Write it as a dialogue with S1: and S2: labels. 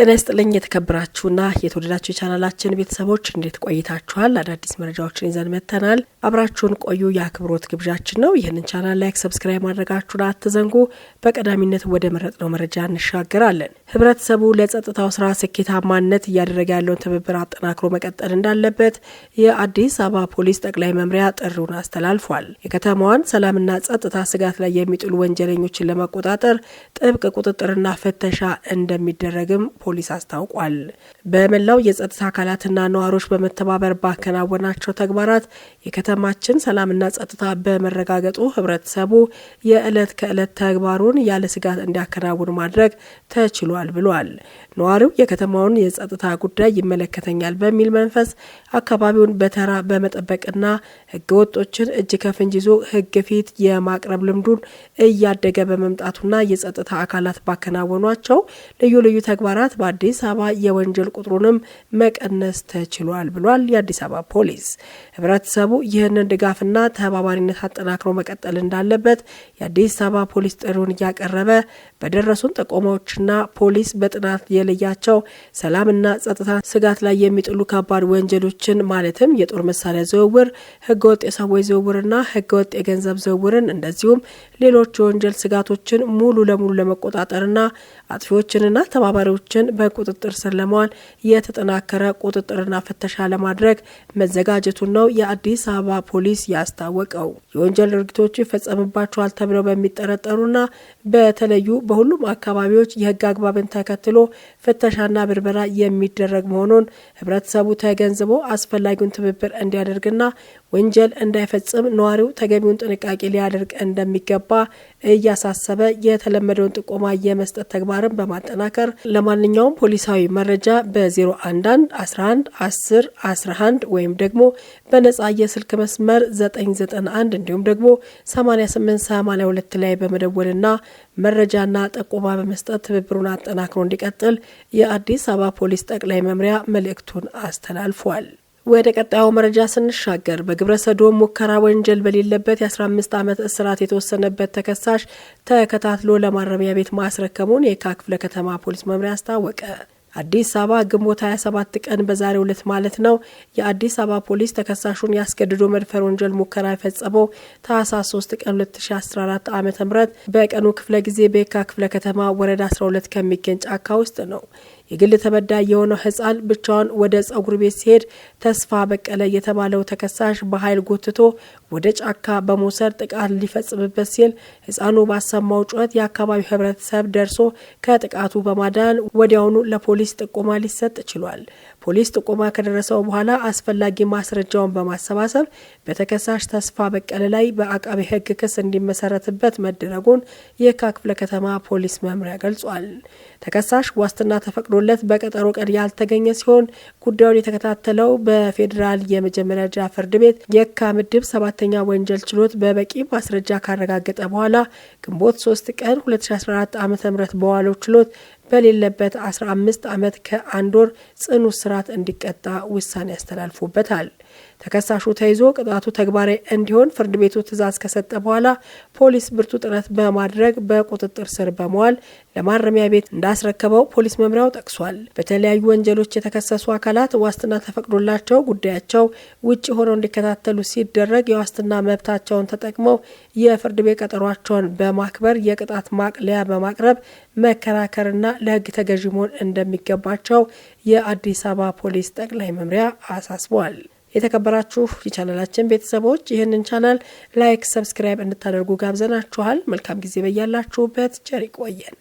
S1: ጤና ይስጥልኝ የተከበራችሁና የተወደዳችሁ የቻናላችን ቤተሰቦች እንዴት ቆይታችኋል? አዳዲስ መረጃዎችን ይዘን መጥተናል። አብራችሁን ቆዩ የአክብሮት ግብዣችን ነው። ይህንን ቻናል ላይክ፣ ሰብስክራይብ ማድረጋችሁን አትዘንጉ። በቀዳሚነት ወደ መረጥነው መረጃ እንሻገራለን። ህብረተሰቡ ለጸጥታው ስራ ስኬታማነት እያደረገ ያለውን ትብብር አጠናክሮ መቀጠል እንዳለበት የአዲስ አበባ ፖሊስ ጠቅላይ መምሪያ ጥሪውን አስተላልፏል። የከተማዋን ሰላምና ጸጥታ ስጋት ላይ የሚጥሉ ወንጀለኞችን ለመቆጣጠር ጥብቅ ቁጥጥርና ፍተሻ እንደሚደረግም ፖሊስ አስታውቋል። በመላው የጸጥታ አካላትና ነዋሪዎች በመተባበር ባከናወናቸው ተግባራት የከተማችን ሰላምና ጸጥታ በመረጋገጡ ህብረተሰቡ የዕለት ከዕለት ተግባሩን ያለ ስጋት እንዲያከናውን ማድረግ ተችሏል ብሏል። ነዋሪው የከተማውን የጸጥታ ጉዳይ ይመለከተኛል በሚል መንፈስ አካባቢውን በተራ በመጠበቅና ህገወጦችን እጅ ከፍንጅ ይዞ ህግ ፊት የማቅረብ ልምዱን እያደገ በመምጣቱና የጸጥታ አካላት ባከናወኗቸው ልዩ ልዩ ተግባራት በመስራት በአዲስ አበባ የወንጀል ቁጥሩንም መቀነስ ተችሏል ብሏል የአዲስ አበባ ፖሊስ። ህብረተሰቡ ይህንን ድጋፍና ተባባሪነት አጠናክሮ መቀጠል እንዳለበት የአዲስ አበባ ፖሊስ ጥሪውን እያቀረበ በደረሱን ጠቆማዎችና ፖሊስ በጥናት የለያቸው ሰላምና ጸጥታ ስጋት ላይ የሚጥሉ ከባድ ወንጀሎችን ማለትም የጦር መሳሪያ ዝውውር፣ ህገወጥ የሰዎች ዝውውርና ህገወጥ የገንዘብ ዝውውርን እንደዚሁም ሌሎች የወንጀል ስጋቶችን ሙሉ ለሙሉ ለመቆጣጠርና አጥፊዎችንና ተባባሪዎችን ሰዎችን በቁጥጥር ስር ለመዋል የተጠናከረ ቁጥጥርና ፍተሻ ለማድረግ መዘጋጀቱን ነው የአዲስ አበባ ፖሊስ ያስታወቀው። የወንጀል ድርጊቶቹ ይፈጸምባቸዋል ተብለው በሚጠረጠሩና በተለዩ በሁሉም አካባቢዎች የህግ አግባብን ተከትሎ ፍተሻና ብርበራ የሚደረግ መሆኑን ህብረተሰቡ ተገንዝቦ አስፈላጊውን ትብብር እንዲያደርግና ወንጀል እንዳይፈጽም ነዋሪው ተገቢውን ጥንቃቄ ሊያደርግ እንደሚገባ እያሳሰበ የተለመደውን ጥቆማ የመስጠት ተግባርን በማጠናከር ለማንኛውም ፖሊሳዊ መረጃ በ011 11 10 11 ወይም ደግሞ በነጻ የስልክ መስመር 991 እንዲሁም ደግሞ 8882 ላይ በመደወልና መረጃና ጠቆማ በመስጠት ትብብሩን አጠናክሮ እንዲቀጥል የአዲስ አበባ ፖሊስ ጠቅላይ መምሪያ መልእክቱን አስተላልፏል። ወደ ቀጣዩ መረጃ ስንሻገር በግብረ ሰዶም ሙከራ ወንጀል በሌለበት የ15 ዓመት እስራት የተወሰነበት ተከሳሽ ተከታትሎ ለማረሚያ ቤት ማስረከሙን የካ ክፍለ ከተማ ፖሊስ መምሪያ አስታወቀ። አዲስ አበባ ግንቦት 27 ቀን በዛሬው ዕለት ማለት ነው። የአዲስ አበባ ፖሊስ ተከሳሹን ያስገድዶ መድፈር ወንጀል ሙከራ የፈጸመው ታህሳስ 3 ቀን 2014 ዓ ም በቀኑ ክፍለ ጊዜ በየካ ክፍለ ከተማ ወረዳ 12 ከሚገኝ ጫካ ውስጥ ነው። የግል ተበዳይ የሆነው ህፃን ብቻውን ወደ ጸጉር ቤት ሲሄድ ተስፋ በቀለ የተባለው ተከሳሽ በኃይል ጎትቶ ወደ ጫካ በመውሰድ ጥቃት ሊፈጽምበት ሲል ህፃኑ ባሰማው ጩኸት የአካባቢው ህብረተሰብ ደርሶ ከጥቃቱ በማዳን ወዲያውኑ ለፖሊስ ጥቆማ ሊሰጥ ችሏል። ፖሊስ ጥቆማ ከደረሰው በኋላ አስፈላጊ ማስረጃውን በማሰባሰብ በተከሳሽ ተስፋ በቀለ ላይ በአቃቢ ህግ ክስ እንዲመሰረትበት መደረጉን የካ ክፍለ ከተማ ፖሊስ መምሪያ ገልጿል። ተከሳሽ ዋስትና ተፈቅዶ ተፈቅዶለት በቀጠሮ ቀን ያልተገኘ ሲሆን ጉዳዩን የተከታተለው በፌዴራል የመጀመሪያ ደረጃ ፍርድ ቤት የካ ምድብ ሰባተኛ ወንጀል ችሎት በበቂ ማስረጃ ካረጋገጠ በኋላ ግንቦት ሶስት ቀን 2014 ዓ ም በዋለው ችሎት በሌለበት 15 ዓመት ከአንድ ወር ጽኑ እስራት እንዲቀጣ ውሳኔ ያስተላልፉበታል። ተከሳሹ ተይዞ ቅጣቱ ተግባራዊ እንዲሆን ፍርድ ቤቱ ትዕዛዝ ከሰጠ በኋላ ፖሊስ ብርቱ ጥረት በማድረግ በቁጥጥር ስር በመዋል ለማረሚያ ቤት እንዳስረከበው ፖሊስ መምሪያው ጠቅሷል። በተለያዩ ወንጀሎች የተከሰሱ አካላት ዋስትና ተፈቅዶላቸው ጉዳያቸው ውጭ ሆነው እንዲከታተሉ ሲደረግ የዋስትና መብታቸውን ተጠቅመው የፍርድ ቤት ቀጠሯቸውን በማክበር የቅጣት ማቅለያ በማቅረብ መከራከርና ለህግ ተገዥ መሆን እንደሚገባቸው የአዲስ አበባ ፖሊስ ጠቅላይ መምሪያ አሳስቧል። የተከበራችሁ የቻናላችን ቤተሰቦች ይህንን ቻናል ላይክ፣ ሰብስክራይብ እንድታደርጉ ጋብዘናችኋል። መልካም ጊዜ በያላችሁበት ቸር ይቆየን።